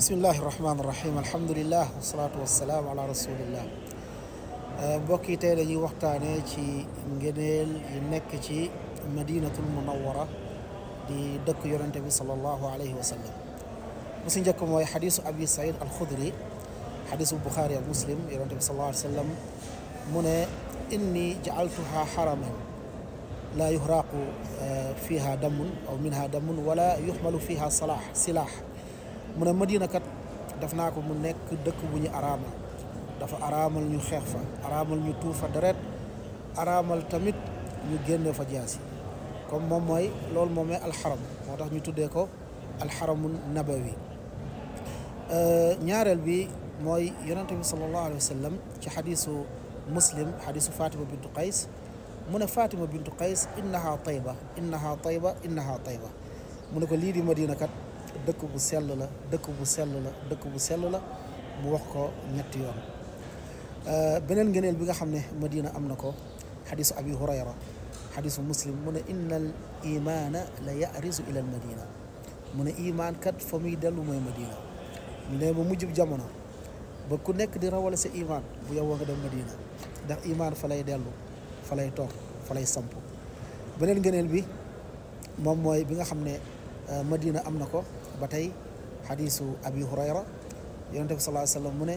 بسم الله الرحمن الرحيم الحمد لله والصلاة والسلام على رسول الله بوكي تي داني وقتاني تي نجنيل ينك تي مدينة المنورة دي دك يرنتبي صلى الله عليه وسلم جاكم وي حديث أبي سعيد الخضري حديث البخاري المسلم يرنتبي صلى الله عليه وسلم من إني جعلتها حرما لا يهراق فيها دم أو منها دم ولا يحمل فيها صلاح سلاح mu ne Madina kat def naa ko mu nekk dëkk bu ñu araamal dafa araamal ñu xeex fa araamal ñu tuufa deret araamal tamit ñu génne fa jaasi comme moom mooy loolu moom mooy alxaram moo tax ñu tuddee ko alxaramu nabawi ñaareel bi mooy yonente bi sallallahu alayhi wa sallam ci xadisu muslim xadisu fatima bintu qays mu ne fatima bintu qays innaha tayba innaha tayba innaha tayba mu ne ko lii di madina kat dëkk bu sell la dëkk bu sell la dëkk bu sell la mu wax ko ñetti yoon beneen ngëneel bi nga xam ne Madina am na ko xadisu abi hurayra xadisu muslim mu ne inna al imaana la yarisu ila al madina mu ne imaan kat fa muy dellu mooy madina mu ne ma mujjub jamono ba ku nekk di rawale sa imaan bu yow nga dem madina ndax imaan fa lay dellu fa lay toog fa lay samp beneen ngëneel bi moom mooy bi nga xam ne Euh, madina am na ko ba tey xadisu abi hurayra yonente bi sallallahu alayhi mu ne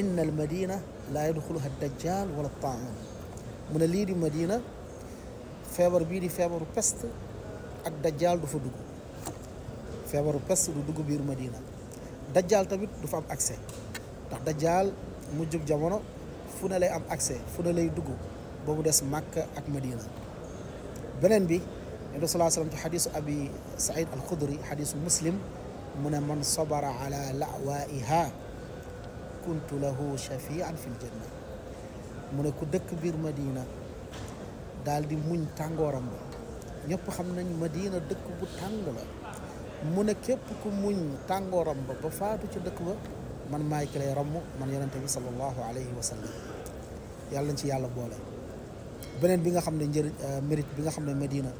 inna al madina laa yadxuluha dajjal wala taaun mu ne lii di madina feebar bii di feebaru pest ak dajjal du fa dugg feebaru peste du dugg biir madina dajjal tamit du fa am accès ndax dajaal mu jóg jamono fu ne lay am accès fu ne lay dugg ba mu des màkk ak madina beneen bi النبي صلى الله عليه وسلم ci xadisu abi said al xudri xadisu muslim mu ne man sabara ala lawaiha kuntu lahu shafian fi ljanna mu ne ku dëkk biir madina daal di muñ tàngooram ba ñëpp xam nañ madina dëkk bu tàng la mu ne képp ku muñ tàngooram ba ba faatu ca dëkk ba man maay ki lay ramm man yonente bi salallahu alayhi wa sallam yàlla ci yàlla boole beneen bi nga xam ne njëriñ mérite bi nga xam ne madina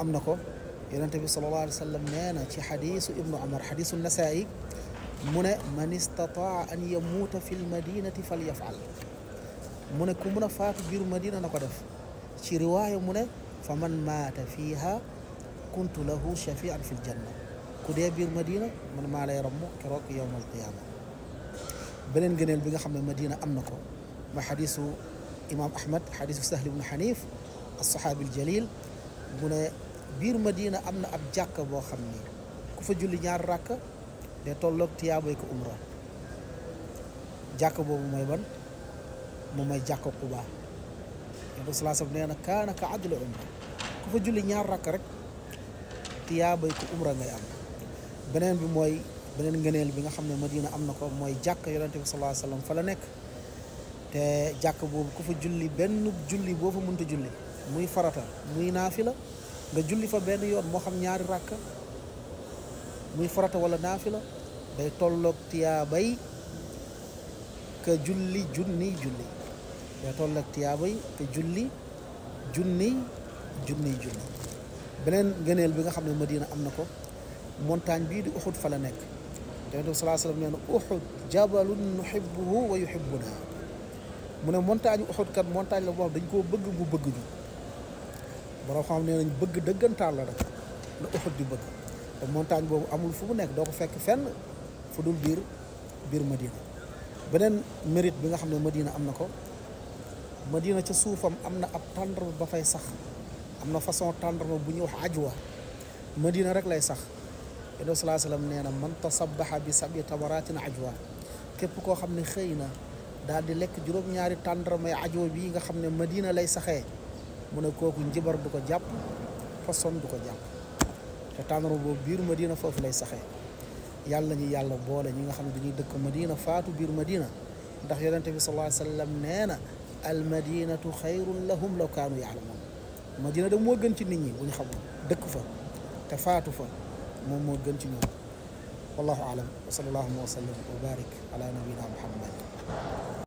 am na ko yonente bi sallallahu alayhi wa sallam nee na ci xadiisu ibnu omar xadiisu nasaa'i mu ne man istataa an yamuuta fi lmadinati fal yafal mu ne ku mun a faatu biir madina na ko def ci riwaaya mu ne fa man maata fiiha kuntu lahu shafian fi ljanna ku dee biir madina man maa lay ramm keroog yowm alqiyaama beneen gëneel bi nga xam ne madina am na ko ma xadiisu imaam ahmad xadiisu sahl ibnu xanif alsaxaabi aljalil mu ne biir Madina am na ab jàkk boo xam ni ku fa julli ñaar ràkk de tolloog tiyaabay ko umra jàkk boobu mooy ban mu may jàkk Quba yonent nee na kaana julli ñaar ràkk rek tiyaabay ko umra beneen bi mooy beneen ngëneel bi nga xam ne Madina am na ko mooy jàkk yonent bi salaa sallam fa la nekk te jàkk boobu ku fa julli benn julli boo fa mënta julli muy farata muy la nga julli fa benn yoon moo xam ñaari rakka muy farata wala naafila day tolloog tiyaabay ka julli junni julli day tolloog tiyaabay ka julli junni junni julli beneen ngëneel bi nga xam ne Madina am na ko montagne bii di Uxud fa la nekk yonent bi salaa sallam nee na Uxud jabalun nuhibbuhu wa yuhibbuna mu ne montagne Uxud kat montagne la boo xam dañ koo bëgg mu bëgg ñu borom xam ne nañ bëgg dëggantaan la rek la Uhud di bëgg te montagne boobu amul fu mu nekk doo ko fekk fenn fu dul biir biir Madina beneen mérite bi nga xam ne Madina am na ko Madina ca suufam am na ab tàndarma ba fay sax am na façon tàndarma bu ñuy wax ajwa Madina rek lay sax yonent bi salaa sallam nee na man tasabbaha bi sabi tamaratin ajwa képp koo xam ne xëy na daal di lekk juróom-ñaari tàndarmay ajwa bii nga xam ne Madina lay saxee mu ne kooku njibar du ko jàpp façon du ko jàpp te tàndaru boobu biir Madina foofu lay saxee yàlla ñu yàlla boole ñi nga xam ne dañuy dëkk Madina faatu biir Madina ndax yonente bi sallallahu alayhi wasallam nee na al madinatu xayrun lahum law kaanu yaalamuun Madina da moo gën ci nit ñi bu ñu xam dëkk fa te faatu fa moom moo gën ci ñoom wallahu alam wa sallallahu wa sallam wa barik ala nabina muhammad